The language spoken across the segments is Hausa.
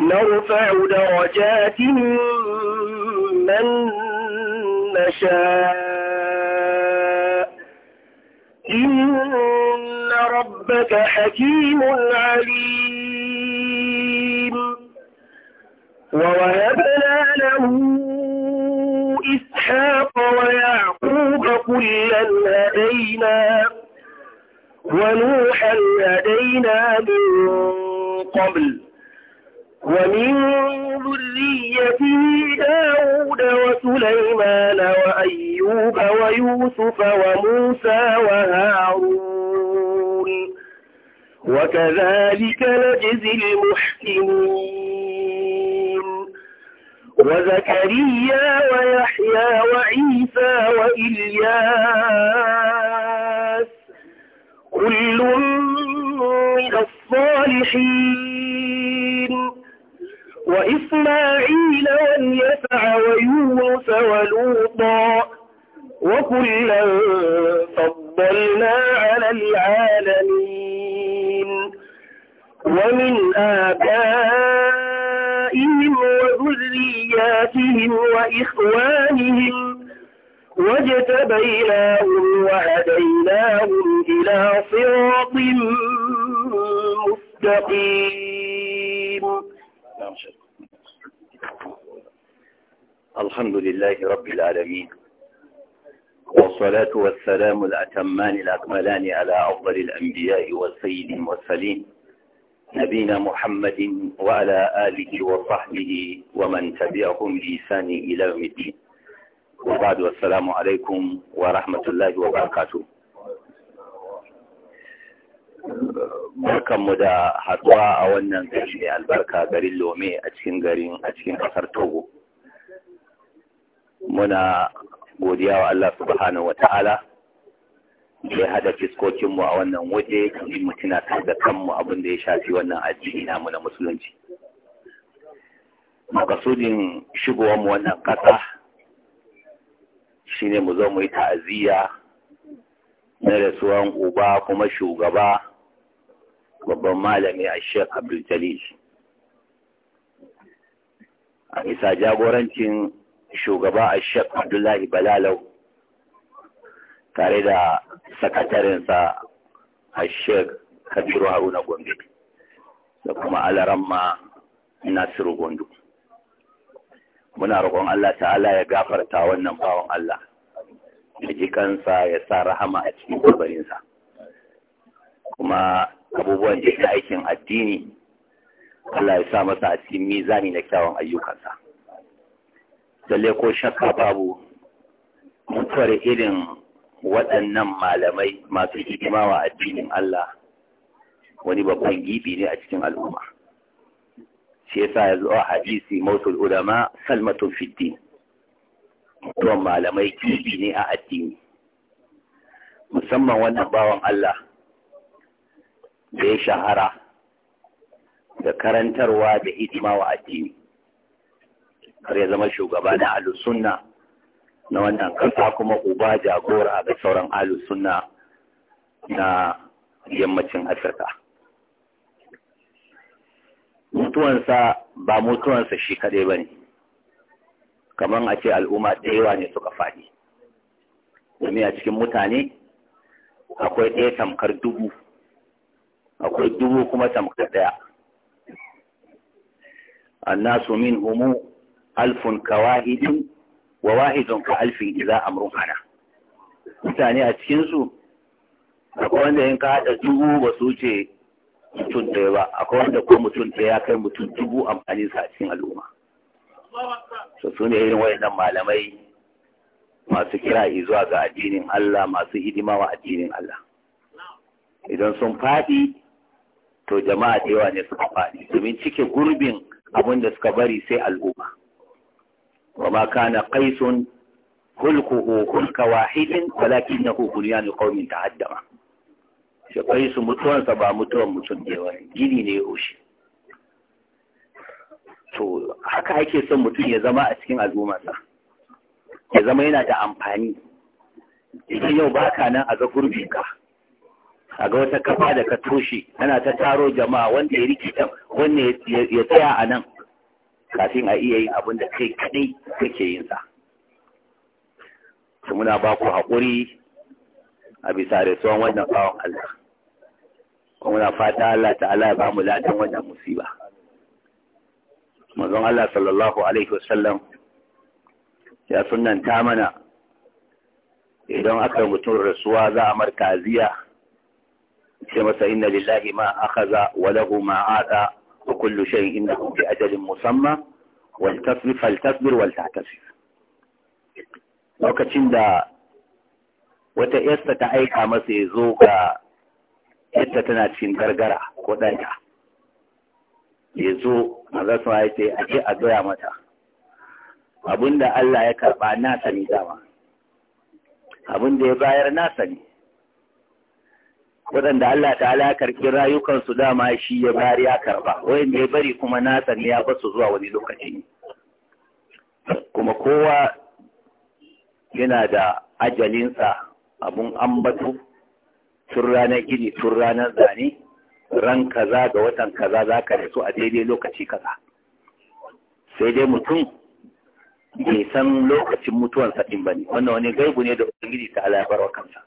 نرفع درجات من نشاء إن ربك حكيم عليم ووهبنا له إسحاق ويعقوب كلا هدينا ونوحا هدينا من قبل ومن ذريته داود وسليمان وأيوب ويوسف وموسى وهارون وكذلك نجزي المحسنين وزكريا ويحيى وعيسى وإلياس كل من الصالحين وإسماعيل واليسع ويوسف ولوطا وكلا فضلنا على العالمين ومن آبائهم وذرياتهم وإخوانهم واجتبيناهم وهديناهم إلى صراط مستقيم الحمد لله رب العالمين والصلاة والسلام الأتمان الأكملان على أفضل الأنبياء والسيد المرسلين نبينا محمد وعلى آله وصحبه ومن تبعهم بإحسان إلى يوم الدين وبعد والسلام عليكم ورحمة الله وبركاته barkanmu da haɗuwa a wannan gari mai albarka garin lome a cikin garin a cikin ƙasar togo muna godiya wa Allah subhanahu wa ta'ala ya haɗa fiskokinmu a wannan waje kamar mu ta da kanmu abin da ya shafi wannan addini namu na musulunci. Makasudin shigowarmu wannan ƙasa shine mu zo mu yi ta'aziyya na rasuwan uba kuma shugaba babban malami a Sheikh Abdul Jalil. A isa jagorancin shugaba a shek abdullahi balalau tare da sakatarinsa a shek kabiru haruna gombe da kuma alaramma nasiru gondo muna roƙon allah ta'ala ya gafarta wannan bawan allah da jikansa ya sa rahama a cikin kwabarinsa kuma abubuwan da aikin addini allah ya sa masa a cikin mizani na kyawun ayyukansa lalle ko shakka babu mutuwar irin waɗannan malamai masu hidimawa addinin Allah wani babban gibi ne a cikin al'umma shi yasa ya zo a hadisi mausul ulama salmatun fiddi mutuwan malamai gibi ne a addini musamman wannan bawan Allah da ya shahara da karantarwa da hidimawa wa addini har ya zama shugaba na Alusunna na wannan kasa kuma uba jagora ga sauran alusunna sunna na yammacin Afirka mutuwansa ba mutuwansa shi kaɗai ba ne kamar a ce al'umma yawa ne suka faɗi domin a cikin mutane akwai ɗaya tamkar dubu akwai dubu kuma tamkar ɗaya annasu min humu alfun ka wahidin wa wahidun ka alfin iza amrun hana mutane a cikinsu akwai wanda yin ka haɗa dubu ba su ce mutum ɗaya ba akwai wanda ko mutum ɗaya kai mutum dubu amfani sa a cikin al'umma so su ne irin wayannan malamai masu kira zuwa ga addinin Allah masu hidima wa addinin Allah idan sun faɗi to jama'a da yawa ne suka faɗi domin cike gurbin abin da suka bari sai al'umma وما كان قيس خلقه خلق واحد ولكنه بنيان قوم تعدم shi kai su mutuwansa ba mutuwan mutum ne wani gini ne ya rushe to haka ake son mutum ya zama a cikin al'ummarsa ya zama yana da amfani idan yau ba ka nan a ga ka. a ga wata kafa da ka toshe ana ta taro jama'a wanda ya rikita wanda ya tsaya a nan kafin a iya yin abin da kai kaɗai kake yin sa su muna ba ku haƙuri a bisa da tsohon wannan tsawon Allah kuma muna fata Allah ta'ala ya ba mu ladan wannan musiba manzon Allah sallallahu alaihi wasallam ya sunanta mana idan aka mutum rasuwa za a markaziya ce masa inna lillahi ma akhadha wa lahu ma وكل شيء إنه بأجل مسمى والتصبر فالتصبر والتعتصف lokacin da wata yasta ta aika masa ya zo ga yasta tana cikin gargara ko ɗanta ya zo a zasu ya ce a gaya mata abinda Allah ya karɓa na sani dama abinda ya bayar na sani waɗanda Allah ta'ala ya karɓi rayukansu dama shi ya bari ya karɓa wanda ya bari kuma nasa ne ya basu zuwa wani lokaci kuma kowa yana da ajalinsa abun ambatu tun ranar gini tun ranar zane ran kaza ga watan kaza za ka su a daidai lokaci kaza sai dai mutum bai san lokacin mutuwansa ɗin ba ne wannan wani gaibu ne da ubangiji ta alaƙar wa kansa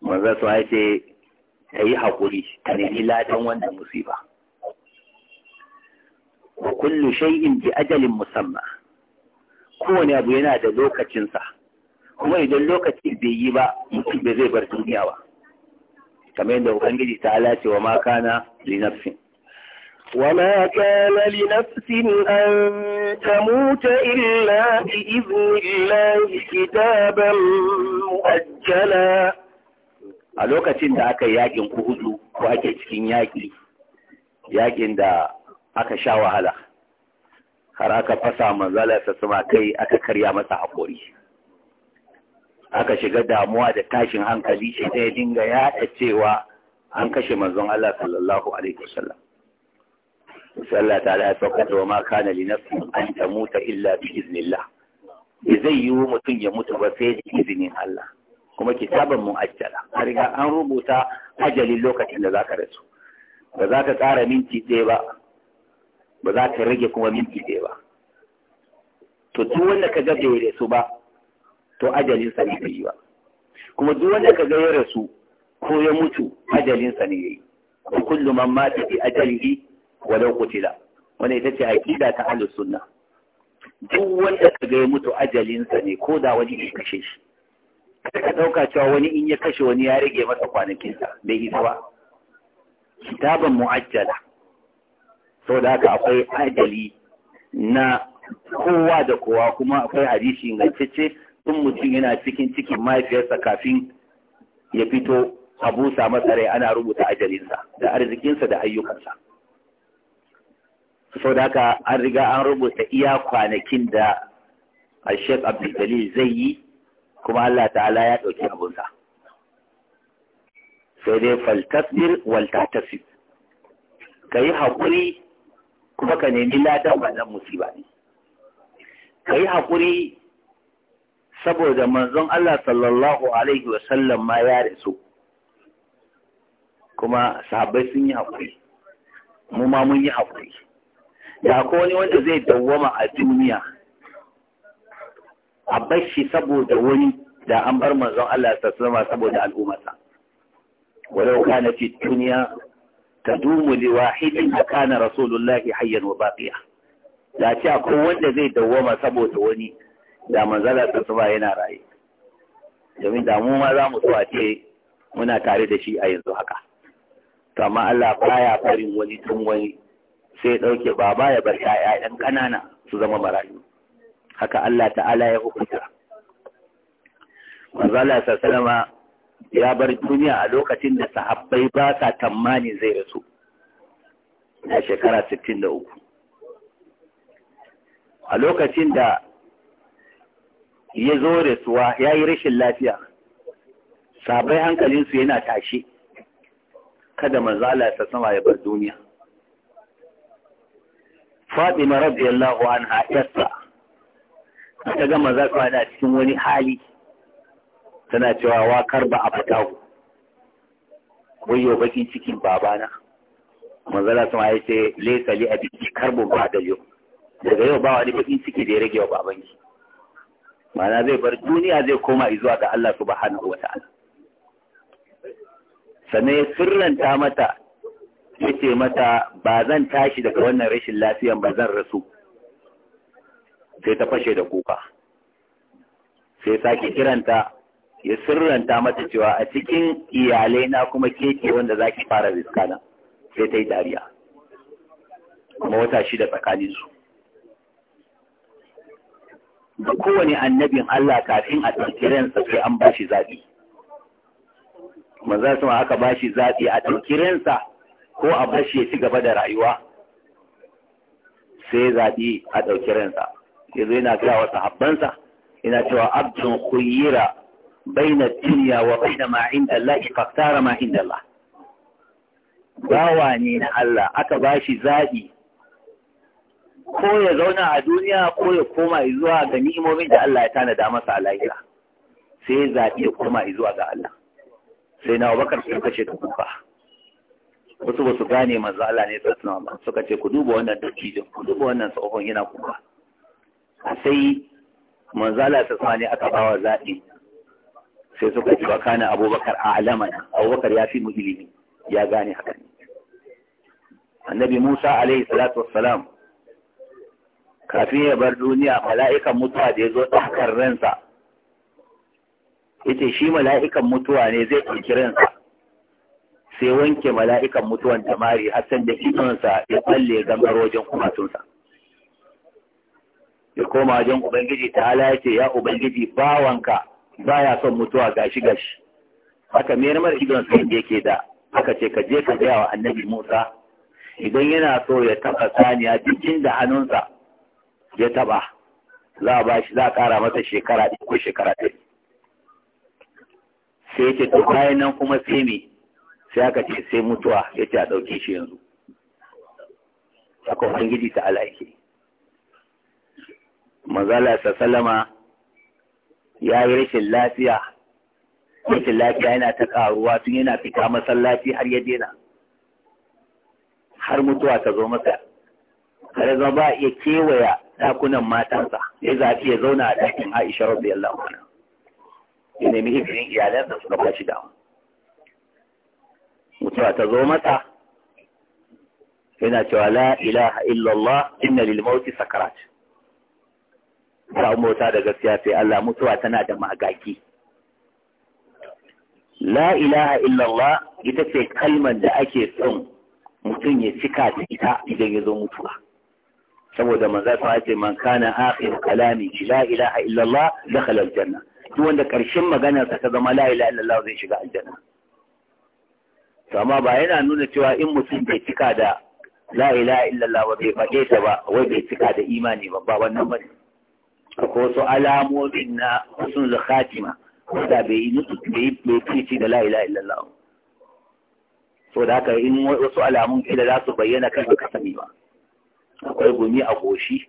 manzo su ya ce ka yi haƙuri ka nemi ladan wannan musiba wa kullu shay'in bi ajalin musamma kowane abu yana da lokacinsa kuma idan lokaci bai yi ba mutum ba zai bar duniya ba kamar yadda ubangiji ta alace wa makana linafsin وما كان لنفس أن تموت إلا بإذن الله كتابا مؤجلا a lokacin da aka yakin kuhudu ko ake cikin yaƙi yaƙin da aka sha wahala har aka fasa manzala ta suma kai aka karya masa haƙori aka shiga damuwa da tashin hankali shi ɗaya dinga yaɗa cewa an kashe manzon Allah sallallahu alaihi wasallam sallallahu ta ya sauka da ma kana li nafsi an tamuta illa bi iznillah zai yiwu mutum ya mutu ba sai da izinin Allah kuma kitaban ajjala har ga an rubuta ajalin lokacin da zaka rasu ba za ka ƙara minti ɗaya ba ba za ka rage kuma minti ɗaya ba to duk wanda ka ga bai rasu ba to ajalin sa ne yi ba kuma duk wanda ka ga ya rasu ko ya mutu ajalin sa ne yayi ko kullu man mata bi ajalihi walau qutila wanda ita ce aqida ta ahlus sunna duk wanda ka ga ya mutu ajalin sa ne ko da wani ya kashe shi kada ka ɗauka cewa wani in ya kashe wani ya rage masa kwanakinsa bai isa ba kitaban mu'ajjala saboda haka akwai ajali na kowa da kowa kuma akwai hadisi ingantacce in mutum yana cikin cikin mahaifiyarsa kafin ya fito a busa masa rai ana rubuta ajalinsa da arzikinsa da ayyukansa sau da haka an riga an rubuta iya kwanakin da ashek abdulkalil zai yi kuma Allah ta'ala ya ɗauki abunsa sai dai faltasbir waltatasib ka yi haƙuri kuma ka nemi ladan wannan musiba ne ka yi haƙuri saboda manzon Allah sallallahu alaihi wasallam ma ya rasu kuma sahabbai sun yi haƙuri mu ma mun yi haƙuri da ko wani wanda zai dawwama a duniya a bar shi saboda wani da an bar manzon Allah ta sama saboda al'ummata walau kana fi duniya dumu li wahidin kana rasulullahi hayyan wa baqiya da ce akwai wanda zai dawwama saboda wani da manzala ta sama yana raye domin da mu ma za mu so a ce muna tare da shi a yanzu haka to amma Allah baya farin wani tun wani sai ya dauke baba ya bar 'ya'yan ƙanana su zama marayu haka Allah ta'ala ya hukunta manzala sallama ya bar duniya a lokacin da sahabbai ba sa tamani zai rasu na shekara 63 a lokacin da ya zo rasuwa ya yi rashin lafiya sabai hankalinsu yana tashi kada manzala ta sama ya bar duniya ma rabbi Allah wa an yassa aka gama za su hada cikin wani hali tana cewa wakar ba a wai yau baki cikin babana manzala sun ya ce laisa li a biki karbon ba da yau daga yau ba wani baki ciki da ya rage wa babanki Mana zai bar duniya zai koma izuwa ga Allah subhanahu wa ta'ala sannan ya sirranta mata ya ce mata ba zan tashi daga wannan rashin lafiyan ba zan rasu sai ta fashe da kuka sai sake kiranta ya sirranta mata cewa a cikin iyalai na kuma keke wanda za ki fara riskana sai ta yi dariya kuma wata da tsakanin su da kowane annabin Allah kafin a ɗauki ransa sai an bashi shi zaɓi manzan sama aka ba shi zaɓi a ɗauki ransa ko a bashi ya ci gaba da rayuwa sai zaɓi a ɗauki ransa yazo yana ga wa sahabbansa yana cewa abdun khuyira baina dunya wa baina ma inda Allah faktara ma inda Allah bawa ne na Allah aka bashi zabi ko ya zauna a duniya ko ya koma zuwa ga ni'imomin da Allah ya tanada masa a lahira sai zaɓi ya koma zuwa ga Allah sai na Abubakar sun kace ta kuka wasu ba su gane manzo Allah ne sallallahu alaihi wasallam suka ce ku duba wannan da ku duba wannan tsohon yana kuka sai manzala ta sama a aka bawa zaɓi sai suka ji ba kana abubakar a alamana abubakar ya fi mu ilimi ya gane haka ne annabi musa alaihi salatu wassalam kafin ya bar duniya mala'ikan mutuwa da ya zo ɗakar ransa ita shi mala'ikan mutuwa ne zai ɗauki ransa sai wanke mala'ikan mutuwan tamari har san da ikonsa ya tsalle gangar wajen kumatunsa ya koma wajen ubangiji ta ala ya ce ya ubangiji bawanka baya son mutuwa gashi gashi haka me namar idon sai yake da aka ce ka je ka gaya wa annabi Musa idan yana so ya taba saniya cikin da hannunsa ya taba za a bashi za a kara masa shekara ɗin ko shekara ɗin. sai yake to bayan nan kuma sai me sai aka ce sai mutuwa ya ce a ɗauke shi yanzu haka ubangiji ta ala yake mazala Salama ya yi rashin lafiya rashin lafiya yana ta karuwa tun yana fita masallaci har ya dena har mutuwa ta zo masa har zama ba ya kewaya ɗakunan matansa ya zafi ya zauna a ɗakin Aisha radiyallahu mana ya nemi hikirin iyalansa suka bashi damu mutuwa ta zo mata yana cewa la ilaha illallah inna lil sakarat ba mota da gaskiya sai Allah mutuwa tana da magaki la ilaha illallah ita ce kalmar da ake son mutum ya cika ta ita idan ya zo mutuwa saboda manzo ta ce man kana akhir kalami la ilaha illallah dakhala aljanna duk wanda karshen maganarsa ta zama la ilaha illallah zai shiga aljanna to amma ba yana nuna cewa in mutum bai cika da la ilaha illallah ba bai faɗe ta ba wai bai cika da imani ba ba wannan bane akwai wasu alamomin na husnul khatima da bai yi bai yi fici da la'ila so da haka in wasu alamun kila za su bayyana kan ka sami ba akwai gumi a goshi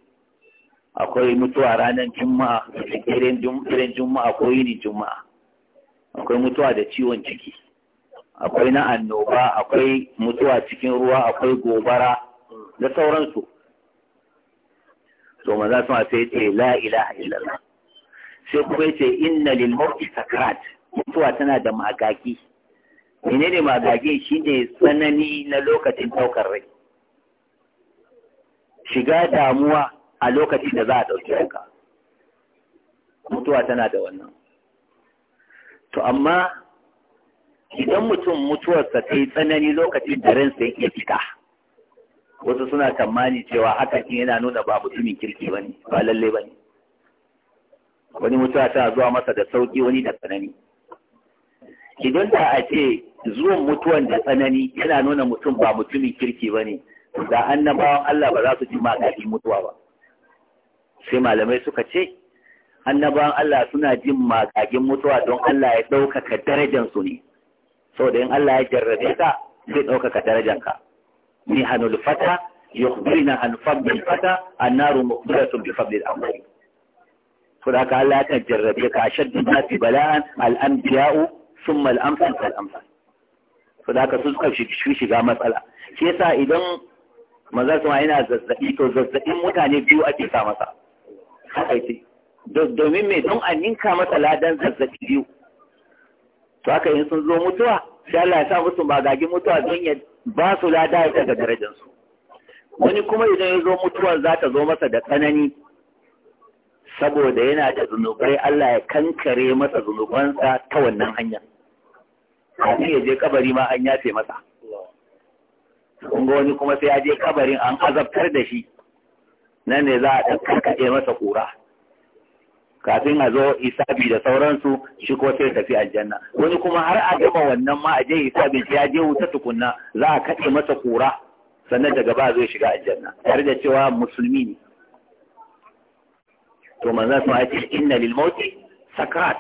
akwai mutuwa ranar juma'a irin juma'a ko yini juma'a akwai mutuwa da ciwon ciki akwai na annoba akwai mutuwa cikin ruwa akwai gobara da sauransu to maza suna sai ce la ilaha illallah sai kuma ce inna lil mauti sakrat mutuwa tana da magagi menene magagi shine tsanani na lokacin daukar rai shiga damuwa a lokacin da za a dauki ranka mutuwa tana da wannan to amma idan mutum mutuwarsa ta yi tsanani lokacin da ransa yake fita wasu suna tamani cewa hakan yana nuna ba mutumin kirki ba ne ba lalle ba ne wani mutuwa ta zuwa masa da sauki wani da tsanani idan da a ce zuwan mutuwan da tsanani yana nuna mutum ba mutumin kirki ba ne da annabawan Allah ba za su ji magani mutuwa ba sai malamai suka ce annabawan Allah suna jin magagin mutuwa don Allah ya ɗaukaka darajansu ne saboda in Allah ya jarrabe ka zai ɗaukaka darajanka محن الفتى يخبرنا عن فضل الفتى النار مقبلة بفضل الأمر فذاك الله تجرب أشد الناس بلاء الأنبياء ثم الأمثل فالأمثل فذاك سوزك في شيء مسألة كيسا إذن maza su ma yana zazzaɓi to zazzaɓin mutane biyu ake sa masa hakaiti domin mai don a ninka masa ladan zazzaɓi biyu to haka in sun zo mutuwa sai Allah ya sa musu ba gagi mutuwa don ya ba su lada ya daga darajarsu wani kuma idan ya zo mutuwar za ta zo masa da tsanani saboda yana da zunubai Allah ya kankare masa zunubansa ta wannan hanya kafin ya je kabari ma an yafe masa kun wani kuma sai ya je kabarin an azabtar da shi nan ne za a ɗan karkaɗe masa kura kafin a zo isabi da sauransu shi ko sai tafi aljanna wani kuma har a gama wannan ma a je isabi ya je wuta tukunna za a kaɗe masa kura sannan daga ba zai shiga aljanna tare da cewa musulmi ne to manzon su ce inna lil mauti sakrat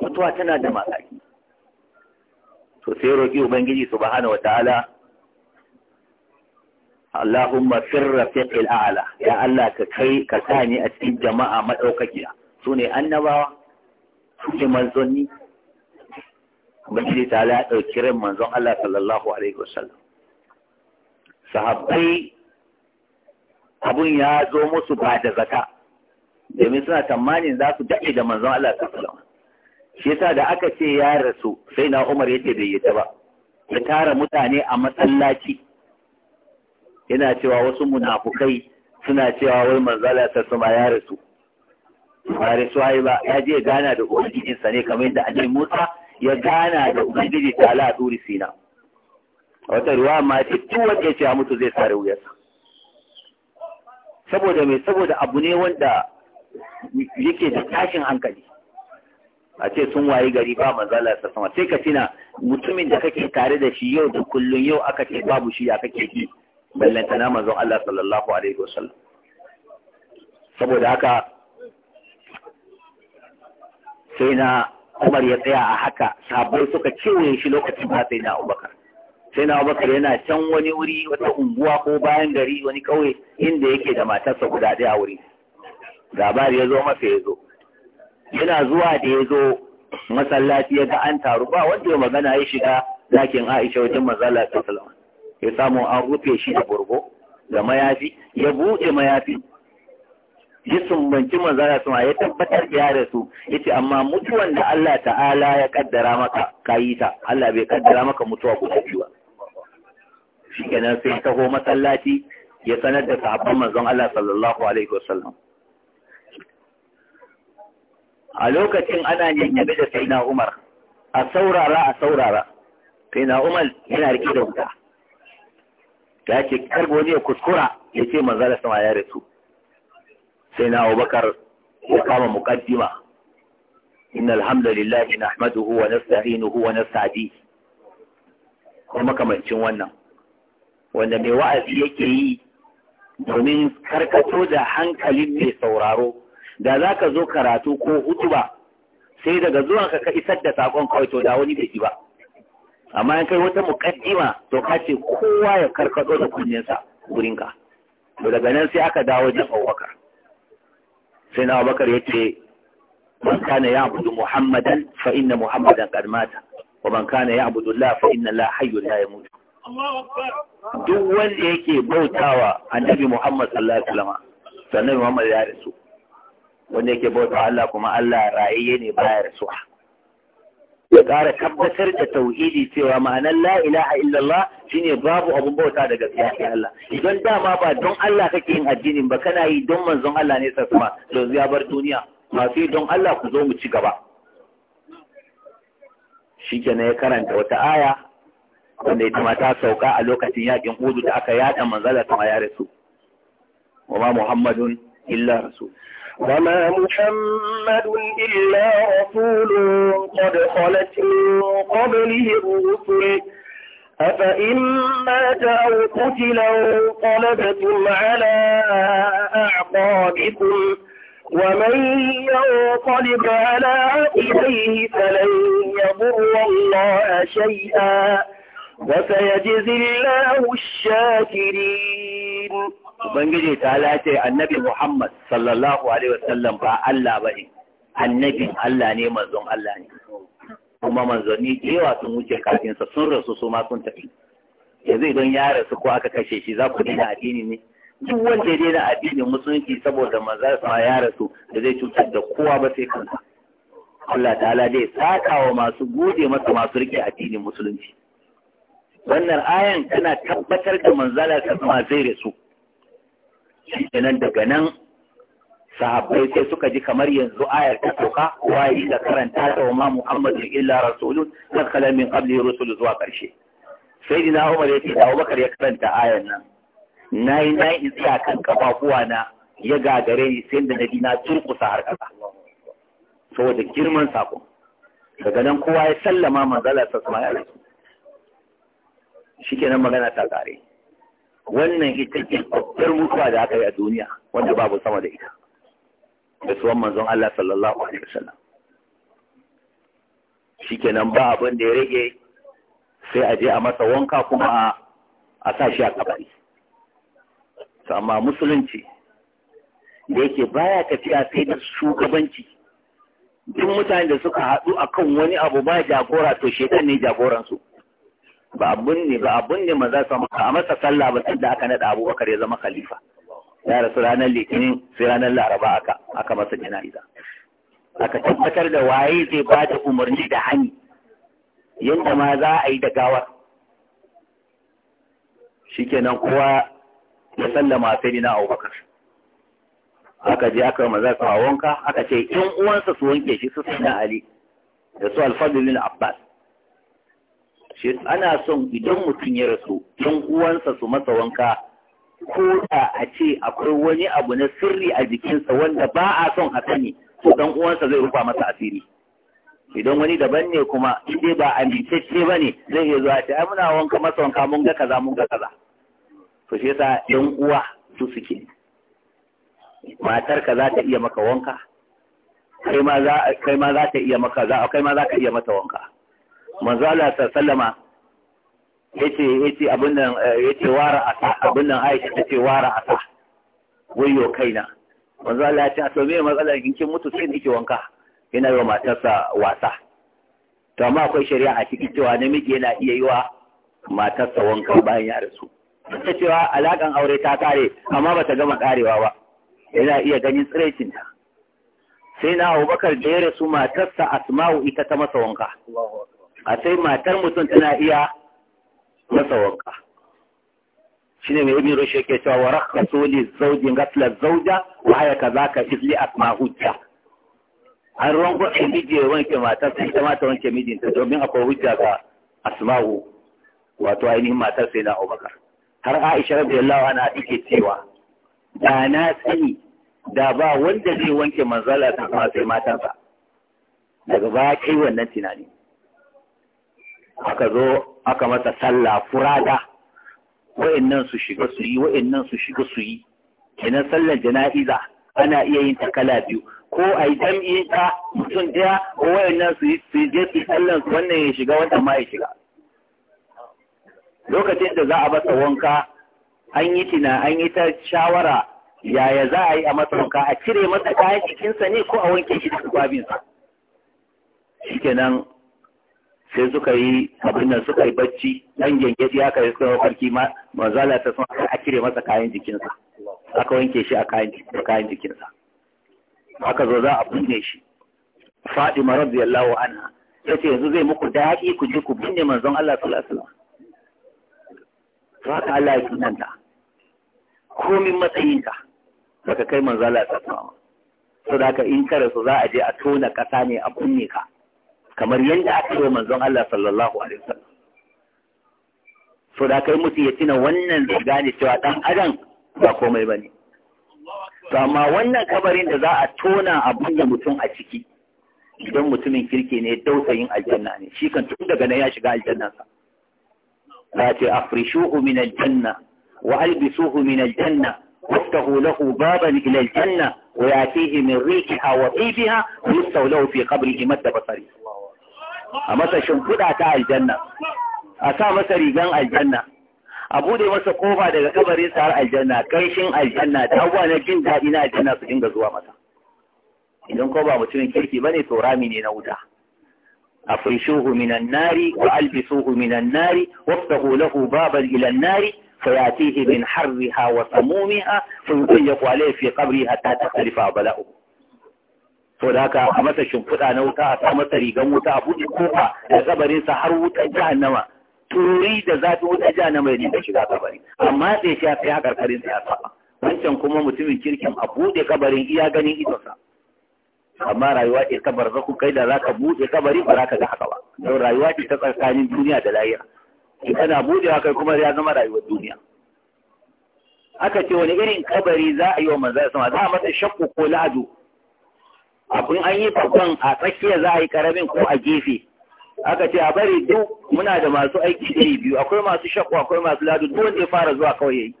mutuwa tana da mataki to sai roki ubangiji subhanahu wataala Allahumma firra fiqil a'la ya Allah ka kai ka sani a cikin jama'a madaukakiya su ne annabawa su ne manzanni ubangiji ta ya ɗauki ran manzon Allah sallallahu alaihi wasallam sahabbai abun ya zo musu ba da zata, domin suna tamanin za su daɗe da manzon Allah sallallahu alaihi wasallam shi yasa da aka ce ya rasu sai na Umar yace bai yi ta ba ya tara mutane a masallaci yana cewa wasu munafukai suna cewa wai manzon Allah sallallahu ya rasu ba da suwaye ba ya je gana da ubangijinsa ne kamar yadda annabi Musa ya gana da ubangiji ta ala turi sina wata ruwa ma ce duk wanda ya ce ya mutu zai sare wuyarsa saboda mai saboda abu ne wanda yake da tashin hankali a ce sun waye gari ba manzala sa sama sai ka tina mutumin da kake tare da shi yau da kullun yau aka ce babu shi ya kake ki ballantana manzon Allah sallallahu alaihi wasallam saboda haka sai na Umar ya tsaya a haka sahabbai suka cewa shi lokacin ba sai na Abubakar sai na Abubakar yana can wani wuri wata unguwa ko bayan gari wani kauye inda yake da matarsa guda ɗaya a wuri labari ya zo masa ya zo yana zuwa da ya zo masallaci ya ga an taru ba wanda ya magana ya shiga ɗakin Aisha wajen mazala ta salama ya samu an rufe shi da burgo da mayafi ya buɗe mayafi. ya sumbanci manzara suma ya tabbatar da ya rasu yace amma mutuwan da Allah ta'ala ya kaddara maka kayi ta Allah bai kaddara maka mutuwa ko biyu ba shikenan sai taho masallaci ya sanar da sahabban manzon Allah sallallahu alaihi wasallam a lokacin ana yanyabe da sayyidina Umar a saurara a saurara sayyidina Umar yana rike da wuta ya ce kar wani ya kuskura ya ce manzon Allah ya su. sai na abubakar ya kama muqaddima huwa na sadi نحمده na ونستعديه kuma makamancin wannan wanda mai wa'azi yake yi domin karkato da hankalin mai sauraro da za ka zo karatu ko hutuba sai daga zuwan ka isar da sakon kawai to da wani da ba amma in kai wata muƙaddima to ka ce kowa ya karkato da kunninsa wurinka to daga nan sai aka dawo da abubakar sai na Abubakar yace man kana abudu Muhammadan fa inna Muhammadan qad mata wa man kana abudu Allah fa inna Allah hayyun la yamut duk wanda yake bautawa annabi Muhammad sallallahu alaihi wasallam sannan Muhammad ya rasu wanda yake bautawa Allah kuma Allah rayayye ne baya rasuwa ya ƙara tabbatar da tauhidi cewa ma'anar la ilaha illallah shine babu abun bauta da gaskiya sai Allah idan dama ba don Allah kake yin addini ba kana yi don manzon Allah ne sassama da ya bar duniya masu yi don Allah ku zo mu ci gaba shikenan ya karanta wata aya wanda ita ma ta sauka a lokacin yakin Uhud da aka yada manzala ya rasu wa ma Muhammadun illa rasul وما محمد إلا رسول قد خلت من قبله الرسل أفإن مات أو قتل انقلبتم على أعقابكم ومن ينقلب على عقبيه فلن يضر الله شيئا وسيجزي الله الشاكرين ubangiji ta lace annabi Muhammad sallallahu alaihi wasallam ba Allah ne. annabin Allah ne manzon Allah ne kuma manzanni cewa sun wuce kafin sun rasu su ma sun tafi yanzu idan ya rasu ko aka kashe shi za ku daina addini ne duk wanda ya daina addinin musulunci saboda manzon sa ya rasu da zai cutar da kowa ba sai kansa Allah ta'ala dai sakawa masu gode masa masu rike addinin musulunci wannan ayan tana tabbatar da manzala ta zai rasu kenan daga nan sahabbai sai suka ji kamar yanzu ayar ta toka, kowa yi da karanta ta wa ma muhammadin illa rasulun kan kalamin qabli rusul zuwa karshe sai dina umar ya ce da abubakar ya karanta ayar nan na yi na yi tsaya kan kafafuwa na ya gagare ni sai da nabi na turkusa har kasa saboda girman sako daga nan kowa ya sallama manzala sa sama ya rasu shikenan magana ta kare wannan ita ce babbar mutuwa da aka yi a duniya wanda babu sama da ita da suwan manzon Allah sallallahu alaihi wasallam shikenan ba abin da ya rage sai a je a masa wanka kuma a sa shi a kabari amma musulunci da yake baya tafiya sai da shugabanci duk mutane da suka haɗu akan wani abu ba jagora to shekan ne jagoransu ba abun ne ba abun ne maza su maka a masa sallah ba sanda aka naɗa abubakar ya zama khalifa ya rasu ranar litinin sai ranar laraba aka aka masa jana'iza aka tabbatar da waye zai ba da umarni da hani yadda ma za a yi da gawar shikenan kowa ya sallama sai na abubakar aka je aka maza su wanka aka ce in uwansa su wanke shi su sai ali da su alfadlin abbas shi ana son idan mutum ya rasu don uwansa su masa wanka ko da a ce akwai wani abu na sirri a jikinsa wanda ba a son a sani to don uwansa zai rufa masa asiri idan wani daban ne kuma in ba ba amintacce ba ne zai iya zuwa ce ai muna wanka masa wanka mun ga kaza mun ga kaza to shi yasa ɗan uwa su suke matar ka za ta iya maka wanka kai ma za ta iya maka za kai ma za ka iya mata wanka manzo Allah sallama yace yace abin nan eh, yace wara asa abin nan Aisha tace wara asa wayo kaina manzo Allah ya ce to me matsalar kin kin mutu sai nake wanka yana yi wa matarsa wasa to amma akwai shari'a a cikin cewa namiji yana iya yi wa matarsa wanka bayan ya rasu ta cewa alakan aure ta kare amma ba ta gama karewa ba yana iya ganin tsiraicinta sai na abubakar da ya rasu matarsa asma'u ita ta masa wanka a sai matar mutum tana iya masa wanka ne mai ibn rushd ke cewa warar ka soli zawji ghasla zauja wa haya kazaka izli asma mahujja? an ruwan kwaɗin miji ya wanke matar sai ita mata wanke mijinta domin akwai hujja ga asma'u wato ainihin matar sai na Abubakar har Aisha radiyallahu anha take cewa da na sani da ba wanda zai wanke manzala ta kuma sai matarsa daga baya kai wannan tunani aka zo aka masa sallah furada wa'annan su shiga su yi wa'annan su shiga su yi kenan sallar jana'iza ana iya yin ta kala biyu ko a yi jam'i ta mutum ɗaya ko wa'annan su yi su je su sallan wannan ya shiga wannan ma ya shiga lokacin da za a masa wanka an yi tina an yi ta shawara yaya za a yi a masa wanka a cire masa kayan cikinsa ne ko a wanke shi da tufafin shikenan sai suka yi abin nan suka yi bacci dan gengedi haka su suka mafarki ma manzala ta sun a kire masa kayan jikinsa aka wanke shi a kayan jikinsa aka zo za a binne shi Fadima radiyallahu anha yace yanzu zai muku daɗi ku je ku binne manzon Allah sallallahu alaihi wasallam haka Allah ya nan komin matsayinka baka kai manzon Allah sallallahu alaihi wasallam saboda in ka rasu za a je a tona ƙasa ne a binne ka kamar yadda aka yi manzon Allah sallallahu alaihi wasallam so da kai mutu ya tuna wannan zai gane cewa dan adam ba komai bane to amma wannan kabarin da za a tona abun da mutum a ciki idan mutumin kirki ne yin aljanna ne shi kan tun daga nan ya shiga aljanna sa la ta afrishuhu min aljanna wa albisuhu min aljanna waftahu lahu baban ila aljanna wa yatihi min riqiha wa tibiha yustawlahu fi qabrihi madda basari a masa shimfiɗa ta aljanna a sa masa rigan aljanna a bude masa kofa daga kabarin sa har aljanna kanshin aljanna da abuwa na jin daɗi na aljanna su dinga zuwa masa idan ko ba mutumin kirki bane to rami ne na wuta afrishuhu minan nari wa albisuhu minan nari waftahu lahu baban ila nari fayatihi min harriha wa samumiha fa yuqayyaqu alayhi fi qabri hatta takhlifa bala'uhu da haka a masa shimfiɗa na wuta a sa masa rigan wuta a buɗe kofa da kabarinsa har wutar jahannama tururi da zafin wutar jahannama ya da shiga kabari amma sai shi ya tsaya karkarin sa ya saba wancan kuma mutumin kirkin a buɗe kabarin iya ganin sa amma rayuwa ce ta barzaku kai da zaka buɗe kabari ba zaka ga haka ba don rayuwa ce ta tsakanin duniya da lahira in kana buɗe kai kuma ya zama rayuwar duniya aka ce wani irin kabari za a yi wa manzo sama za a masa shakku ko la'adu abin an yi babban a tsakiya za a yi karamin ko a gefe aka ce a bari duk muna da masu aiki iri biyu akwai masu shakwa akwai masu ladu duk wanda ya fara zuwa kawai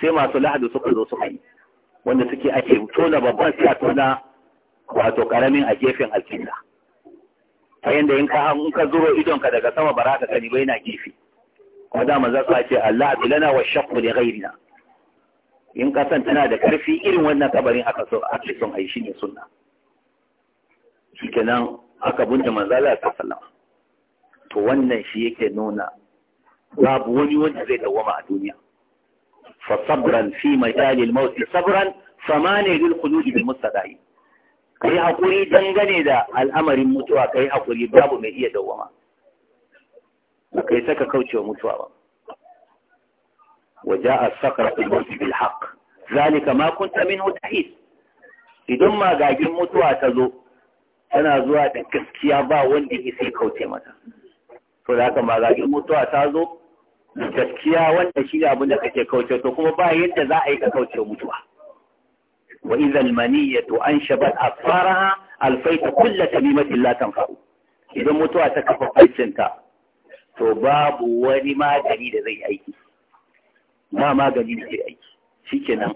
sai masu lahadi suka zo suka yi wanda suke ake tona babban sai na wato karamin a gefen alkinda ta yanda in ka in ka zuro idonka daga sama ba ka kani bai yana gefe kuma da manzo sa ce Allah bilana wa shaqqu li ghairina in ka san tana da karfi irin wannan kabarin aka so a cikin ayi shine sunna shikenan aka bunta manzala ta sallama to wannan shi yake nuna babu wani wanda zai dawama a duniya fa sabran fi majali al-maut sabran famani lil khulud bil mustaqi kai hakuri dangane da al'amarin mutuwa kai hakuri babu mai iya dawama kai saka kaucewa mutuwa ba وجاء السقرة الموت بالحق ذلك ما كنت منه تحيد idan magagin mutuwa ta zo tana zuwa da gaskiya ba wanda ya sai kauce mata to da haka ba za mutuwa ta zo gaskiya wanda shi abin da kake kauce to kuma ba yadda za a yi ka kauce mutuwa wa to an maniyatu anshabat afaraha alfaita kullu tamimatin la faru. idan mutuwa ta kafa farcinta to babu wani magani da zai aiki ba magani da zai aiki kenan.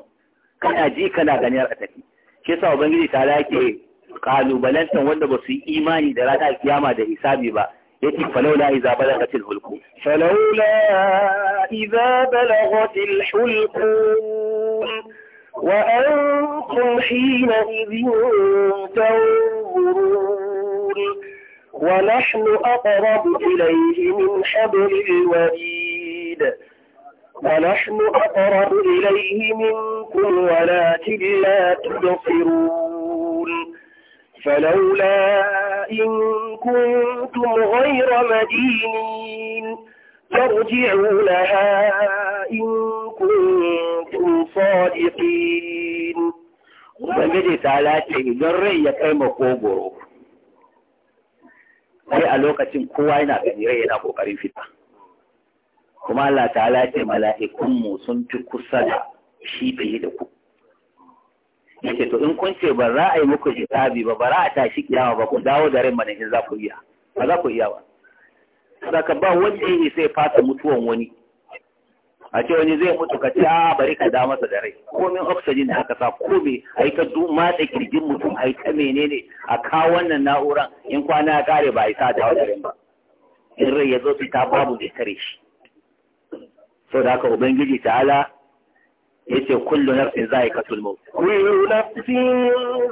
kana ji kana ganin a tafi shi yasa ubangiji ta lake kalubalantan wanda ba su yi imani da ranar kiyama da hisabi ba yake falaula idza balagatil hulqu falaula idza balagatil hulqu wa antum hina idhin tanzurun wa nahnu aqrabu ilayhi min hablil warid ونحن أقرب إليه منكم ولكن لا تبصرون فلولا إن كنتم غير مدينين ترجعونها إن كنتم صادقين Ubangiji ta lace idan rai ya kai ma makogoro, sai a lokacin kowa yana gani rai yana ƙoƙarin fita. Kuma Allah ta lace mala'ikunmu sun fi kusa da shi fiye da ku. yake to in kun ce ba za a yi muku hisabi ba ba za a tashi kiyama ba ku dawo da rai mana in za ku iya ba za ku iya ba saka ba wanda yake sai fasa mutuwan wani a ce wani zai mutu ka ce a bari ka da masa da rai komin oxygen da aka sa kome a yi ta matsa kirgin mutum a yi ta menene a kawo wannan na'uran in kwana ya kare ba a yi sa da rai ba in rai ya zo su ta babu da tare shi sau da haka ubangiji ta'ala يسي كل نفس ذائقة الموت كل نفس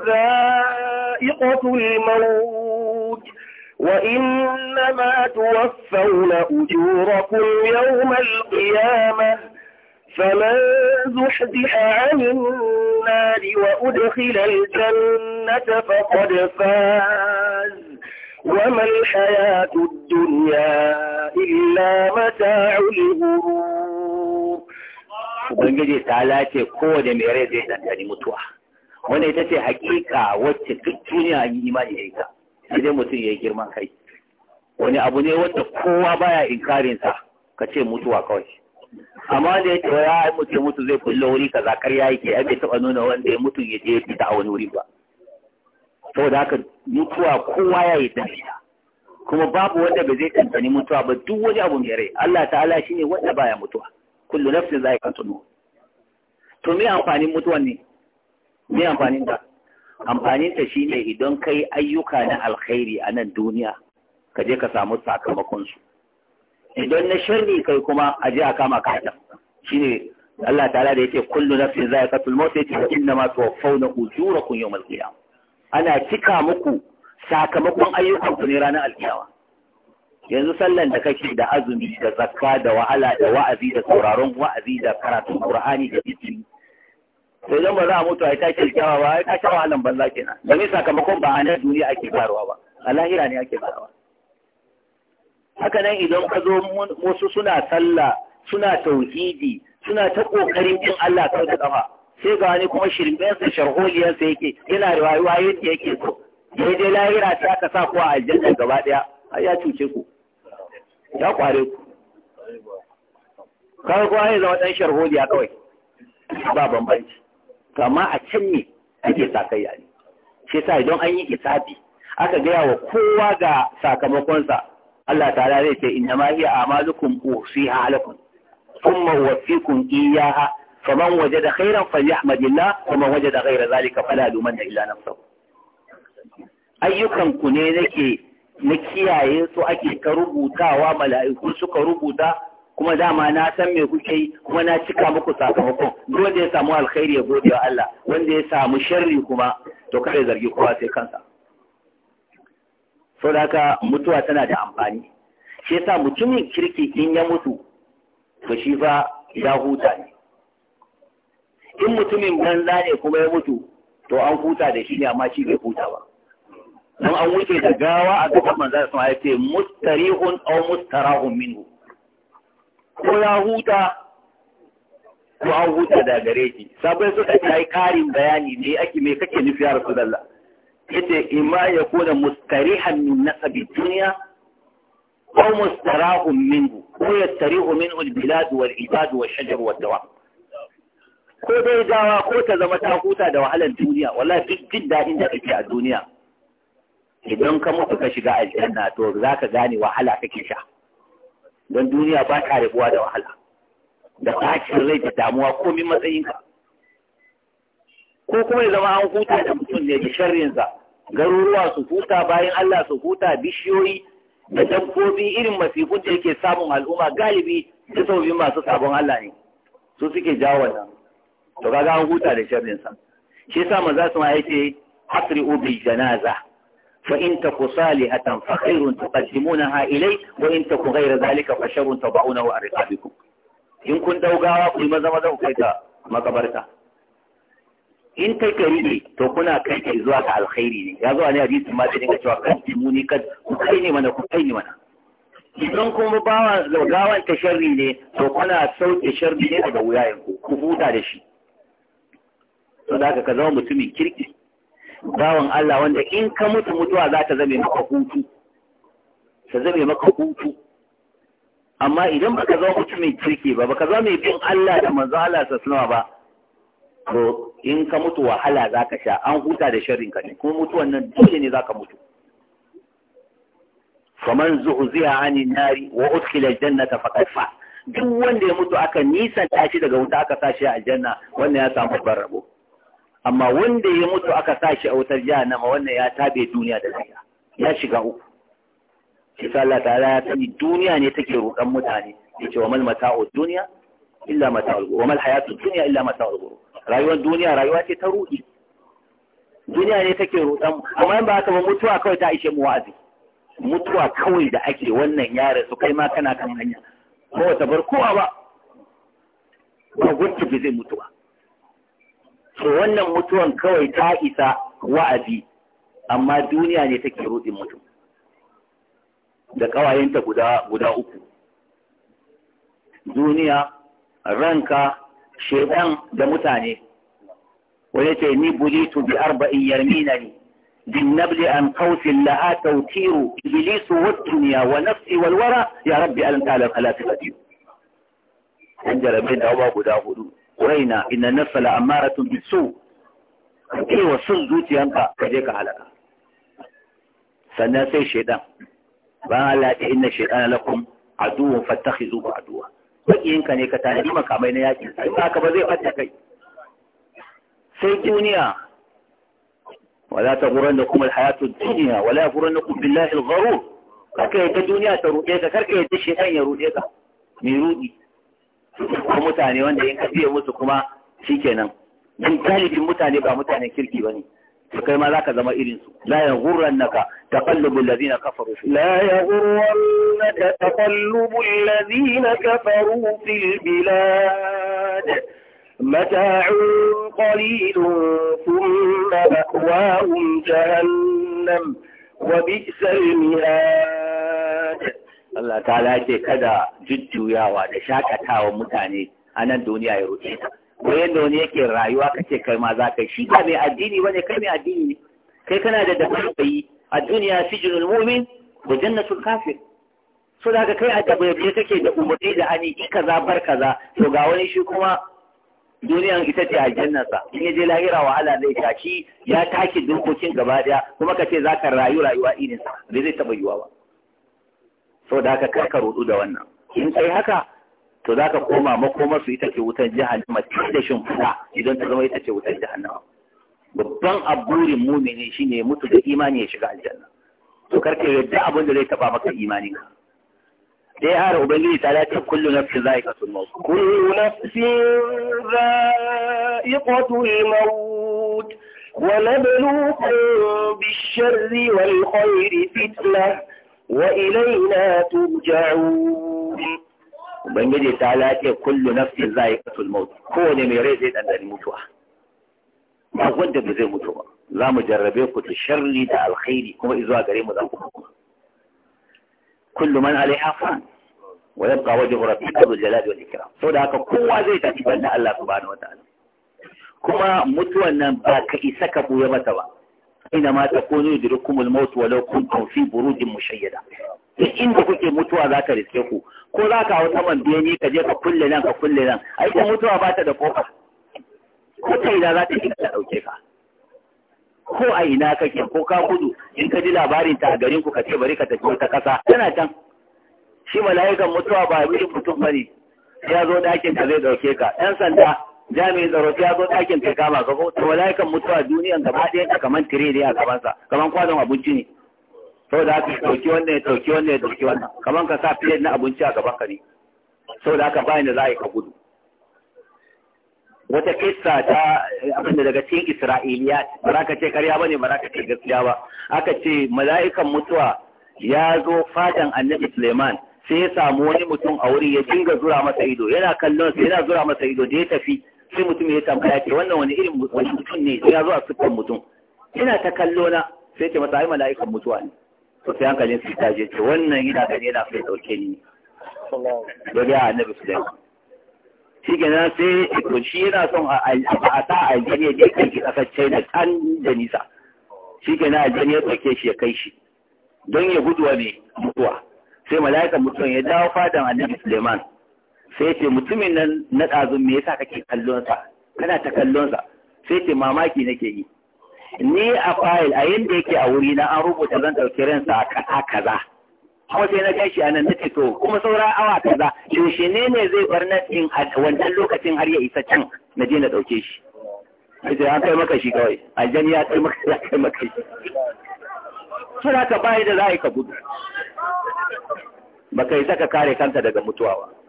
ذائقة الموت وإنما توفون أجوركم يوم القيامة فمن زحزح عن النار وأدخل الجنة فقد فاز وما الحياة الدنيا إلا متاع الهروب ubangiji ta lace kowane mai rai zai tantani mutuwa wannan ita ce hakika wacce duk duniya yi imani da ita sai mutum ya yi girman kai wani abu ne wanda kowa baya inkarin sa ka ce mutuwa kawai amma da ya ce ya mutu mutu zai kullo wuri kaza ya yi ya bai taba nuna wanda ya mutu ya je fita a wani wuri ba saboda haka mutuwa kowa ya yi dalila kuma babu wanda ba zai tantani mutuwa ba duk wani abu mai rai Allah ta'ala shi shine wanda baya mutuwa kullu nafsin za'iqatul maut to me amfanin mutuwan ne me amfanin ta amfanin ta shine idan kai ayyuka na alkhairi a nan duniya ka je ka samu sakamakon su idan na sharri kai kuma a je a kama ka ta shine Allah ta'ala da yake kullu nafsin za'iqatul maut yace inna ma tuwaffawna ujurakum yawmal qiyamah ana cika muku sakamakon ayyukan ku ne ranar alkiyama yanzu sallan da kake da azumi da zakka da wahala da wa'azi da sauraron wa'azi da karatun qur'ani da zikiri Sai dan ba za a mutu a ita kirkiyawa ba ai ta sha wahalan banza kenan domin sakamakon ba a nan duniya ake farawa ba a lahira ne ake farawa haka nan idan ka zo wasu suna sallah suna tauhidi suna ta kokarin yin Allah kawai da kafa sai ga wani kuma shirmensa sharholiyarsa yake yana da rayuwa yadda yake so dai lahira sai aka sa ku a aljanna gaba daya ai ya cuce ku ya kware ku kawai kowa ya zama ɗan hodiya kawai ba bambanci amma a canne ne ake sakayya ne shi sa idan an yi isabi aka gaya wa kowa ga sakamakonsa Allah ta'ala zai ce inna ma hiya amalukum usiha lakum thumma uwaffikum iyyaha faman wajada khairan falyahmadillah waje da ghaira zalika fala yumanna illa nafsahu ayyukan ku ne nake na kiyaye su ake ka rubutawa mala'iku suka rubuta kuma dama na san me kuke yi kuma na cika muku sakamakon duk wanda ya samu alkhairi ya gode wa Allah wanda ya samu sharri kuma to kada ya zargi kowa sai kansa saboda mutuwa tana da amfani shi yasa mutumin kirki in ya mutu to shi fa ya huta ne in mutumin banza ne kuma ya mutu to an huta da shi ne amma shi bai huta ba don an wuce da gawa a gaban manzo sun haife mustarihun aw mustarahun minhu ko ya huta ko an huta da gare shi sabai suka ce kai karin bayani ne ake me kake nufi ya rasulullah yace imma ya kuna mustarihan min nasabi dunya aw mustarahun minhu ko ya yastarihu minhu albilad wal ibad wal shajar wal dawa ko dai gawa ko ta zama ta huta da wahalan duniya wallahi duk jin dadin da kake a duniya idan ka mutu ka shiga aljanna to za ka gane wahala kake sha don duniya ba ta rabuwa da wahala da ɓacin rai da damuwa min matsayinka ko kuma ya zama an huta da mutum ne da sharrinsa garuruwa su huta bayan Allah su huta bishiyoyi da dabbobi irin masifun da yake samun al'umma galibi da sabbin masu sabon Allah ne su suke jawo wannan to kaga an huta da sharrinsa shi yasa maza su ma yake hasri ubi janaza فإن تك صالحة فخير تقدمونها إليه وإن تك غير ذلك فشر تضعونه عن رقابكم إن كنت أوقعوا في ماذا ماذا وكيتا ما قبرتا in kai kari ne to kuna kai kai zuwa alkhairi ne ya zuwa ne hadisin ma dinga cewa kan timuni kan ku kai ne mana ku kai ne mana idan kuma bawa gawan ta sharri ne to kuna sauke sharri ne daga wuyayen ku ku huta da shi to ka zama mutumin kirki bawan Allah wanda in ka mutu mutuwa za ta zame maka hutu ta zame maka hutu amma idan baka zama mutu mai kirki ba baka zama mai bin Allah da manzo Allah sallallahu ba to in ka mutu wahala za ka sha an huta da sharrin ka ne kuma mutuwan nan dole ne za ka mutu faman zuhziya anin nari wa udkhila aljannata faqad fa duk wanda ya mutu aka nisan tashi daga wuta aka sashi a janna wannan ya samu babbar rabo amma wanda ya mutu aka sa shi a wutar jahannama wannan ya tabe duniya da lahira ya shiga uku shi sa Allah ta'ala ya sani duniya ne take roƙon mutane ya ce wa mal mata'u duniya illa mata'ul ghurur wa mal hayatu dunya illa mata'ul ghurur rayuwar duniya rayuwa ce ta ruɗi duniya ne take roƙon amma in ba haka ba mutuwa kawai ta ishe mu wa'azi mutuwa kawai da ake wannan yare su kai ma kana kan hanya ko ta bar kowa ba ba gudu zai mutuwa to wannan mutuwan kawai ta isa wa'azi amma duniya ne take rudin mutum da kawayenta guda guda uku duniya ranka shedan da mutane wani ce ni bulitu bi arba'in yarmina ne bin nabli an kausin la'a tautiru iblisu wa wa nafsi walwara ya rabbi alanta ala kalati an jarabe da guda hudu raina ina nafsa la amaratun bisu ka kewa son zuciyanka ka je ka halaka sannan sai shaidan bayan Allah ya inna shaidana lakum aduwwan fattakhizuhu aduwa bakiyinka ne ka tanadi makamai na yaki sai ka ba zai fata kai sai duniya wala taghurrannakum alhayatu ad-dunya wala yaghurrannakum billahi al-gharur kaka ta duniya ta ruɗe ka karka yadda shaidan ya ruɗe ka mai ruɗi ko mutane wanda in ka biye musu kuma shikenan duk galibin mutane ba mutanen kirki bane to kai ma zaka zama irin su la ya yaghurrannaka taqallubul ladina kafaru la yaghurrannaka taqallubul ladina kafaru fil bilad متاع قليل ثم مأواهم جهنم وبئس المهاد Allah ta lace kada jujjuyawa da shakatawa mutane a nan duniya ya rufe ta ko yadda wani yake rayuwa kace kai ma za ka shi ba mai addini wani kai mai addini kai kana da dafafi a duniya sijinul mu'min wa jannatul kafir so da ka kai a tabbaye kake da umarni da hani in kaza bar kaza to ga wani shi kuma duniyan ita ce aljannarsa in ya je lahira wahala zai sha shi ya taki dokokin gaba daya kuma kace za ka rayu rayuwa irin sa bai zai taba yiwa ba saboda da aka karka rudu da wannan in kai haka to za ka koma makoma su ita ce wutar jihannama ta da shimfiɗa idan ta zama ita ce wutar jihannama babban aburin mumini shine mutu da imani ya shiga aljanna to karka yadda abin da zai taba maka imanin ka sai har ubangiji ta dace kullu nafsin za'iqatul maut kullu nafsin za'iqatul maut ونبلوكم wal والخير فتنه wa ilaina turja'un ubangiji ta lafiya kullu nafsin za'iqatul maut kowane mai rai zai dandani mutuwa ba wanda ba zai mutu ba za mu jarrabe ku ta sharri da alkhairi kuma izuwa gare mu za ku mutu kullu man alaiha fan wa yabqa wajhu rabbika dhul jalali wal ikram saboda haka kowa zai tafi banda Allah subhanahu wa ta'ala kuma mutuwan nan ba ka isa ka buya mata ba aina ma takunu yudrikumul maut walau kuntum fi burudin mushayyada duk inda kuke mutuwa za ta riske ku ko za ka hau saman beni ka je ka kulle nan ka kulle nan a ita mutuwa ba ta da kofa ko ta ina za ta yi ta dauke ka ko a ina kake ko ka gudu in ka ji labarin ta a garin ku ka ce bari ka tafi ta kasa tana can shi mala'ikan mutuwa ba mutum bane ya zo dakin ka zai dauke ka yan sanda jami'in tsaro sai ya zo ɗakin ta kama ka ko to malaikan mutuwa duniyan gaba ɗayan ka kaman tire ne a gabansa kaman kwadon abinci ne saboda haka ya ɗauki wannan ya ɗauki wannan ya ɗauki wannan kaman ka sa fiye na abinci a gaban ka ne saboda haka bayan da za a yi ka gudu wata kissa ta da daga cikin isra'iliya ba za ka ce karya ba ne ba za ka ce gaskiya ba aka ce mala'ikan mutuwa ya zo fadan annabi suleiman sai ya samu wani mutum a wuri ya dinga zura masa ido yana kallon sai yana zura masa ido da ya tafi sai mutum ya tambaya ce wannan wani irin wani mutum ne ya zo a siffar mutum ina ta kallo na sai ce masa ai mala'ikan mutuwa ne to sai hankalin su ta je ce wannan yana gani yana sai dauke ni Dole ga annabi su da shi kenan sai to shi yana son a sa aljani ya je kai kasar China can da nisa shi kenan aljani ya dauke shi ya kai shi don ya gudu wa mai mutuwa sai mala'ikan mutuwa ya dawo fadan annabi Suleiman sai ce mutumin nan na ɗazun me yasa kake kallonsa kana ta kallonsa sai ce mamaki nake yi ni a fayil a yadda yake a wuri na an rubuta zan ɗauki ransa a kaza kaza kuma sai na tashi a nan nace to kuma saura awa kaza shi ne ne zai bar na in wannan lokacin har ya isa can na je na ɗauke shi sai an kai maka shi kawai aljani ya kai maka ya kai maka shi sai ka bayi da za ka gudu baka isa ka kare kanka daga mutuwa ba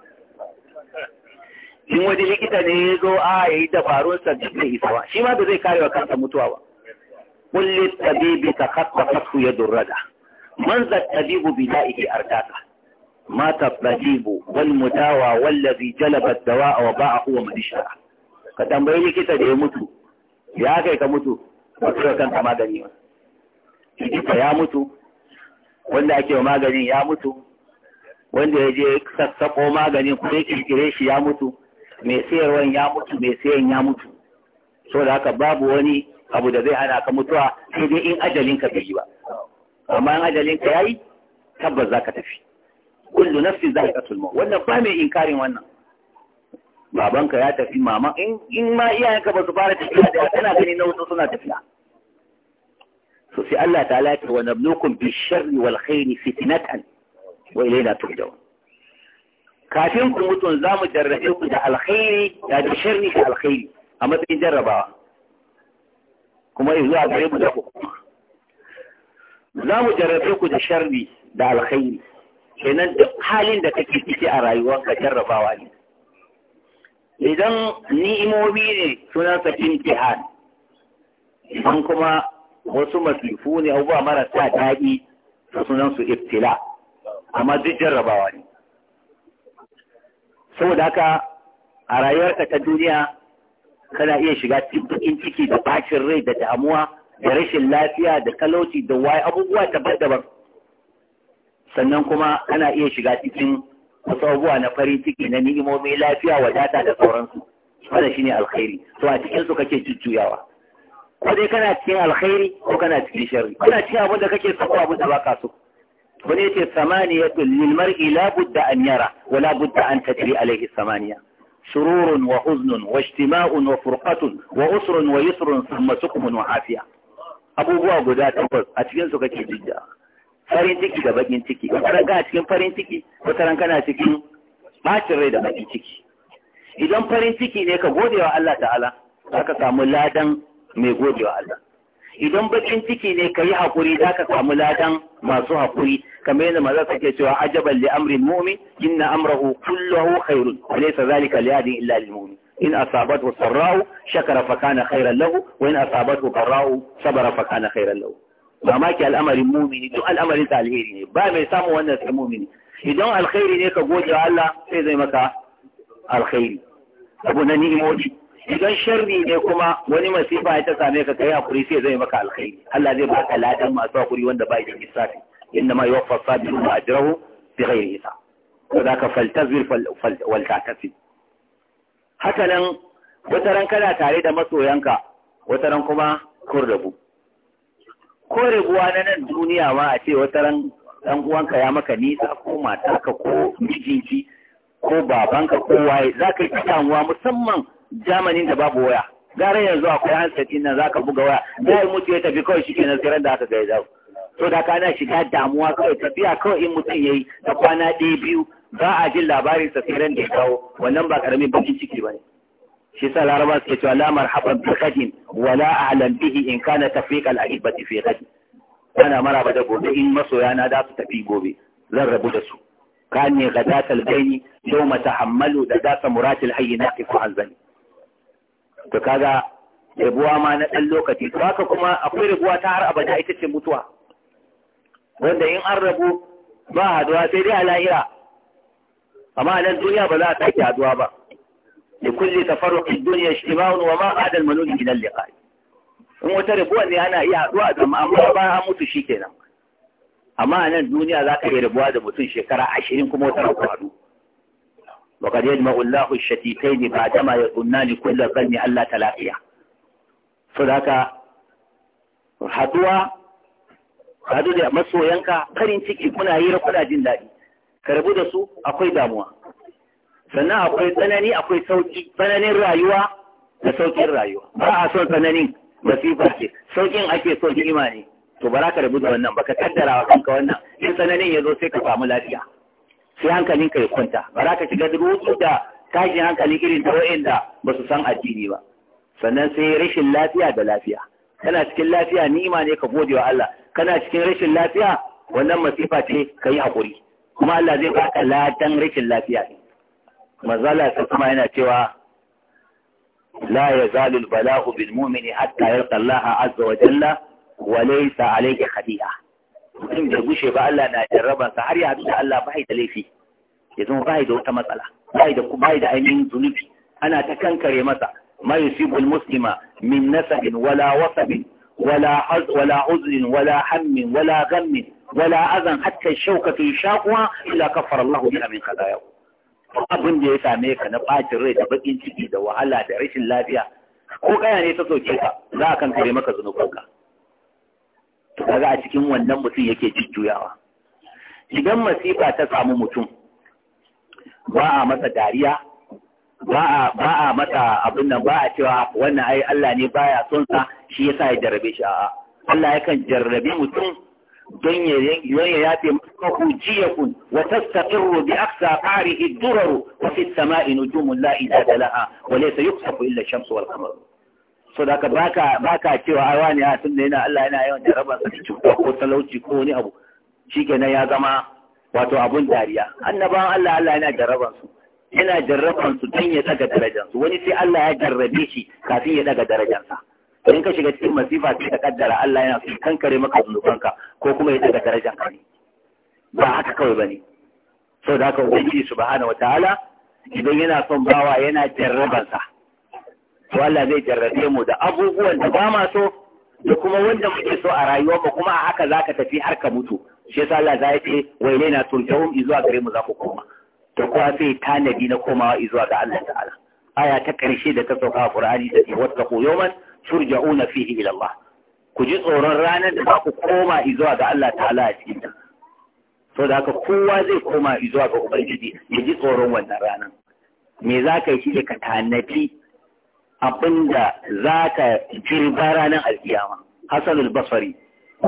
in waje likita ne ya zo a ya yi dabarunsa duk da isawa shi ma da zai kare wa kansa mutuwa ba kulli tabibi ta kafa kasu ya durrada man za tabibu bi la'ihi ardaka mata tabibu wal mutawa wallazi jalaba dawa'a wa ba'ahu wa madisha ka tambayi likita da ya mutu ya kai ka mutu ba su ta magani ba likita ya mutu wanda ake wa maganin ya mutu wanda ya je sassaƙo maganin kuma ya kirkire shi ya mutu mai sayarwan ya mutu mai sayan ya mutu so da haka babu wani abu da zai hana ka mutuwa sai dai in ajalin ka bai yi ba amma in ajalin ka yayi tabbas zaka tafi kullu nafsin za'iqatul maut wannan ba mai inkarin wannan babanka ya tafi mama in in ma iyayenka ba su fara tafiya da kana ganin na wasu suna tafiya so sai Allah Ta ya ce wa nablukum bi sharri wal khairi fitnatan wa ilayna turja'un kafin ku mutu za mu jarrabe ku da alkhairi da da sharri da alkhairi a matsayin jarrabawa kuma zuwa gare mu da hukuma. za mu jarrabe ku da sharri da alkhairi kenan duk halin da kake ciki a rayuwarka jarrabawa ne idan ni'imomi ne sakin imtihan idan kuma wasu masifu ne abubuwa marasa daɗi sunansu ibtila amma duk jarrabawa ne saboda haka a rayuwarka ta duniya kana iya shiga cikin ciki da bacin rai da damuwa da rashin lafiya da talauci da waye abubuwa daban-daban sannan kuma kana iya shiga cikin wasu abubuwa na farin ciki na ni'imomi lafiya wadata da sauransu wanda shine alkhairi to a cikin su kake jujjuyawa ko dai kana cikin alkhairi ko kana cikin sharri kana cikin abin da kake so ko abin da baka so wani yake samaniya lil mar'i la budda an yara wa la budda an tajri alayhi samaniya sururun wa huznun wa ijtima'un wa furqatun wa usrun wa yusrun thumma abubuwa guda takwas a cikin kake jidda farin ciki da bakin ciki wataran kana cikin farin ciki wataran kana cikin bacin rai da bakin ciki idan farin ciki ne ka gode wa Allah ta'ala za ka samu ladan mai gode wa Allah idan bakin ciki ne ka yi haƙuri za ka samu ladan masu haƙuri kamar yadda maza suke cewa ajaban li amrin mu'min inna amrahu kulluhu khairun alaysa zalika li ahadin illa lil mu'min in asabathu sarra'u shakara fa kana khairan lahu wa in asabathu qarra'u sabara fa kana khairan lahu mamaki al'amarin mu'mini duk al'amarin ta alheri ne ba mai samu wannan sai mu'mini idan alkhairi ne ka gode wa Allah sai zai maka alkhairi abu na ni'imoji idan sharri ne kuma wani masifa ya ta same ka kai hakuri sai zai maka alkhairi Allah zai baka ladan masu hakuri wanda ba yin lissafi inna ma yuwaffa ma ajrahu bi ghairi hisab kada ka faltazir wal takasi haka nan wata ran kana tare da masoyanka wata ran kuma kun rabu ko rabuwa na nan duniya ma a ce wata ran dan uwanka ya maka nisa ko matarka ko mijinki ko babanka ko waye za ka yi damuwa musamman zamanin da babu waya gara yanzu akwai handset din nan zaka buga waya dai mutu ya tafi kawai nan sai da aka ga ya to da kana shiga damuwa kawai tafiya kawai in mutum yayi da kwana ɗaya biyu Za a jin labarin sa da ya kawo wannan ba karamin bakin ciki bane shi sa laraba suke cewa la marhaban bi qadin wala a'lam bihi in kana tafiq al ahibati fi qadin ana maraba da gobe in masoya na da su tafi gobe zan rabu da su kani gadatal gaini mata tahammalu da dasa muratil hayyi naqifu an zani to kaga rabuwa ma na ɗan lokaci to haka kuma akwai rabuwa ta har abada ita ce mutuwa wanda in an rabu ba haduwa sai dai a lahira amma a nan duniya ba za a sake haduwa ba da kulle a duniya wani wa ma a al-manun min al in wata rabuwa ne ana iya haduwa da amma ba an mutu shi kenan. amma a nan duniya za ka iya rabuwa da mutum shekara ashirin kuma wata rabuwa haɗu wa qad yajma'u Allahu ash-shatitayn ba'dama yakunna li kulli qalbi Allah talafiya sadaka haduwa hadu da masoyanka farin ciki kuna yi kuna jin daɗi ka da su akwai damuwa sannan akwai tsanani akwai sauki tsananin rayuwa da saukin rayuwa ba a son tsananin masifa ce saukin ake so ni'ima ne to ba ka rabu da wannan ba ka kaddara wa kanka wannan in tsananin ya zo sai ka samu lafiya sai hankalin ka ya kwanta ba za ka shiga ruɗu da tashin hankali irin ta da ba su san addini ba sannan sai rashin lafiya da lafiya kana cikin lafiya nima ne ka gode wa Allah kana cikin rashin lafiya wannan masifa ce ka yi haƙuri kuma Allah zai baka latan rashin lafiya ne mazala ta kuma yana cewa la yazalu al-bala'u bil mu'mini hatta yalqa Allah azza wa jalla wa laysa mutum bai gushe ba Allah na jarabarsa har ya haɗu da Allah ba da laifi ya zama ba da wata matsala ba da ba da ainihin zunubi ana ta kankare masa ma yusibul muslima min nasabin wala wasabin wala az wala uzrin wala hammin wala ghammin wala azan hatta shaukatu shaquwa ila kafara Allahu biha min khataaya abin da ya same ka na bacin rai da bakin ciki da wahala da rashin lafiya ko kaya ne ta soke ka za a kankare maka zunubanka to kaga a cikin wannan mutum yake jujjuyawa idan masifa ta samu mutum ba a masa dariya ba a masa abin nan ba a cewa wannan ai Allah ne baya son sa shi yasa ya jarrabe shi a'a Allah yakan jarrabe mutum don ya yafe maku jiyakun wa tastaqirru bi aqsa qarihi durar wa fi as-sama'i nujumun la ilaha illa wa laysa yuksafu illa ash-shamsu wal qamaru so da baka baka cewa ai wani a tunda yana Allah yana yawan jarabar sa cuta ko talauci ko wani abu shikenan ya zama wato abun dariya annabawan Allah Allah yana jarabar su yana jarraban su don ya daga darajar wani sai Allah ya jarrabe shi kafin ya daga darajar sa in ka shiga cikin masifa sai ka kaddara Allah yana son kankare maka zunubanka ko kuma ya daga darajar ka ne ba haka kawai bane so da haka ubangiji subhanahu wataala idan yana son bawa yana jarrabar sa to Allah zai jarrabe mu da abubuwan da ba ma so da kuma wanda muke so a rayuwar mu kuma a haka za ka tafi har ka mutu shi yasa Allah zai ce wa ilaina turja'un izuwa gare mu za ku koma to kuwa sai tanadi na komawa izuwa ga Allah ta'ala aya ta karshe da ta sauka a Qur'ani da ce wattaqu yawman turja'una fihi ila Allah ku ji tsoron ranar da za ku koma izuwa ga Allah ta'ala a cikin ta so da haka kowa zai koma izuwa ga Ubangiji ya ji tsoron wannan ranar me za ka yi shi ka tanadi abin da za ka jirba ranar alkiyama hasanul basari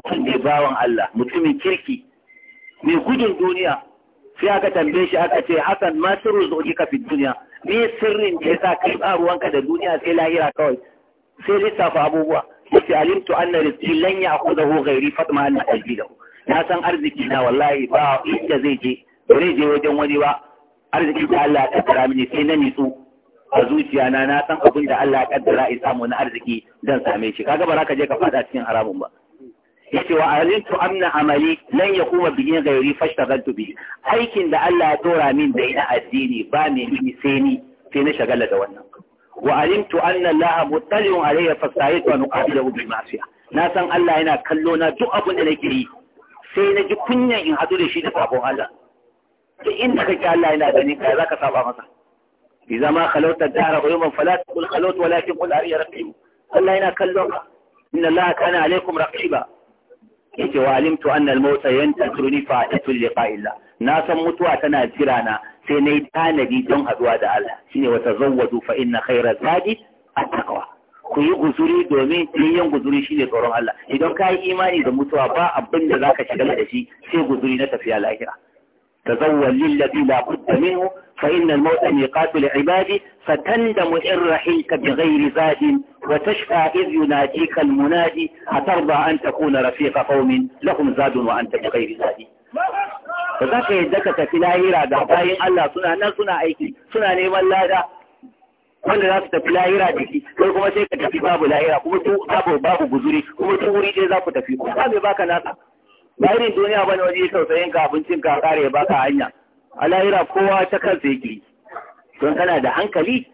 wanda bawan Allah mutumin kirki mai gudun duniya sai aka tambaye shi aka ce hasan ma sirru zoji fi duniya me sirrin da sa kai ba ruwanka da duniya sai lahira kawai sai lissafa abubuwa yace alimtu anna rizqi lan ya'khudhu ghairi fatma anna ajbidahu na san arziki na wallahi ba inda zai je bare je wajen wani ba arziki da Allah ya kaddara mini sai na nitsu a zuciya na na san abin da Allah ya kaddara in samu na arziki zan same shi kaga ba za ka je ka fada cikin haramun ba yace wa alintu amna amali lan yakuma bihi ghairi fashtagaltu bi aikin da Allah ya tora min da ina addini ba ne ni sai ni sai na shagala da wannan wa alimtu anna Allah muttali'un alayya fastaitu an uqabilahu bi ma'siya na san Allah yana kallo na duk abin da nake yi sai na ji kunyan in hadu da shi da sabon Allah duk inda kake Allah yana gani ka za ka saba masa إذا ما خلوت الدهر غيوما فلا تقل خلوت ولكن قل أري رقيب الله هنا كلهم إن الله كان عليكم رقيبا yace wa alimtu anna al-mauta yantasiruni fa'atu liqa illa na san mutuwa tana jira na sai nayi tanadi don haɗuwa da Allah shine wa in na kaira, khayra zadi at-taqwa ku yi guzuri domin yin guzuri shine tsoron Allah idan ka yi imani da mutuwa ba abin da zaka shiga da shi sai guzuri na tafiya lahira تزول للذي لا بد منه فإن الموت ميقات العباد فتندم إن رحلت بغير زاد وتشفى إذ يناديك المنادي أترضى أن تكون رفيق قوم لهم زاد وأنت بغير زاد فذاك يدك تفي لاهرة دعبائي الله سنة نال سنة أيكي سنة نيم الله دا wanda za su tafi lahira da shi kai kuma sai ka tafi babu lahira kuma babu babu guzuri kuma tun wuri ɗaya za ku tafi kuma me baka nasa ba irin duniya bane waje ya tausayin ka abincin ka kare ya baka hanya a lahira kowa ta kansa yake don kana da hankali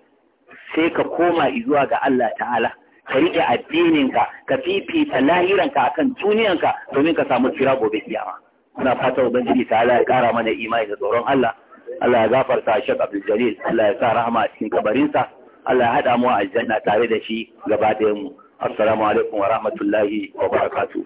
sai ka koma izuwa ga Allah ta'ala ka riƙe addininka ka fifita lahiranka akan duniyanka domin ka samu tsira gobe kiyama muna fata ubangiji ta'ala ya kara mana imani da tsoron Allah Allah ya gafarta Sheikh Abdul Jalil Allah ya sa rahama a cikin kabarinsa Allah ya haɗa mu a aljanna tare da shi gaba da mu assalamu alaikum wa rahmatullahi wa barakatuh